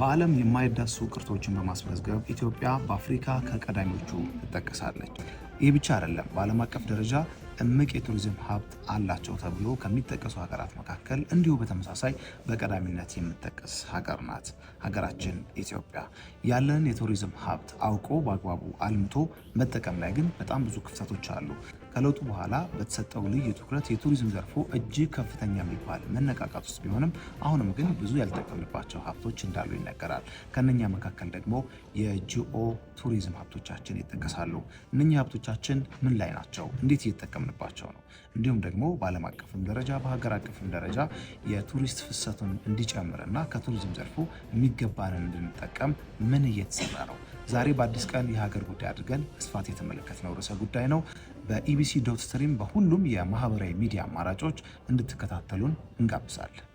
በዓለም የማይዳሱ ቅርሶችን በማስመዝገብ ኢትዮጵያ በአፍሪካ ከቀዳሚዎቹ ትጠቀሳለች። ይህ ብቻ አይደለም፣ በዓለም አቀፍ ደረጃ እምቅ የቱሪዝም ሀብት አላቸው ተብሎ ከሚጠቀሱ ሀገራት መካከል እንዲሁ በተመሳሳይ በቀዳሚነት የምጠቀስ ሀገር ናት ሀገራችን ኢትዮጵያ። ያለን የቱሪዝም ሀብት አውቆ በአግባቡ አልምቶ መጠቀም ላይ ግን በጣም ብዙ ክፍተቶች አሉ። ከለውጡ በኋላ በተሰጠው ልዩ ትኩረት የቱሪዝም ዘርፉ እጅግ ከፍተኛ የሚባል መነቃቃት ውስጥ ቢሆንም አሁንም ግን ብዙ ያልጠቀምንባቸው ሀብቶች እንዳሉ ይነገራል። ከነኛ መካከል ደግሞ የጂኦ ቱሪዝም ሀብቶቻችን ይጠቀሳሉ። እነኛ ሀብቶቻችን ምን ላይ ናቸው? እንዴት እየተጠቀምንባቸው ነው? እንዲሁም ደግሞ በዓለም አቀፍም ደረጃ በሀገር አቀፍም ደረጃ የቱሪስት ፍሰቱን እንዲጨምርና ከቱሪዝም ዘርፉ የሚገባንን እንድንጠቀም ምን እየተሰራ ነው? ዛሬ በአዲስ ቀን የሀገር ጉዳይ አድርገን ስፋት የተመለከትነው ርዕሰ ጉዳይ ነው። በኢቢሲ ዶት ስትሪም በሁሉም የማህበራዊ ሚዲያ አማራጮች እንድትከታተሉን እንጋብዛለን።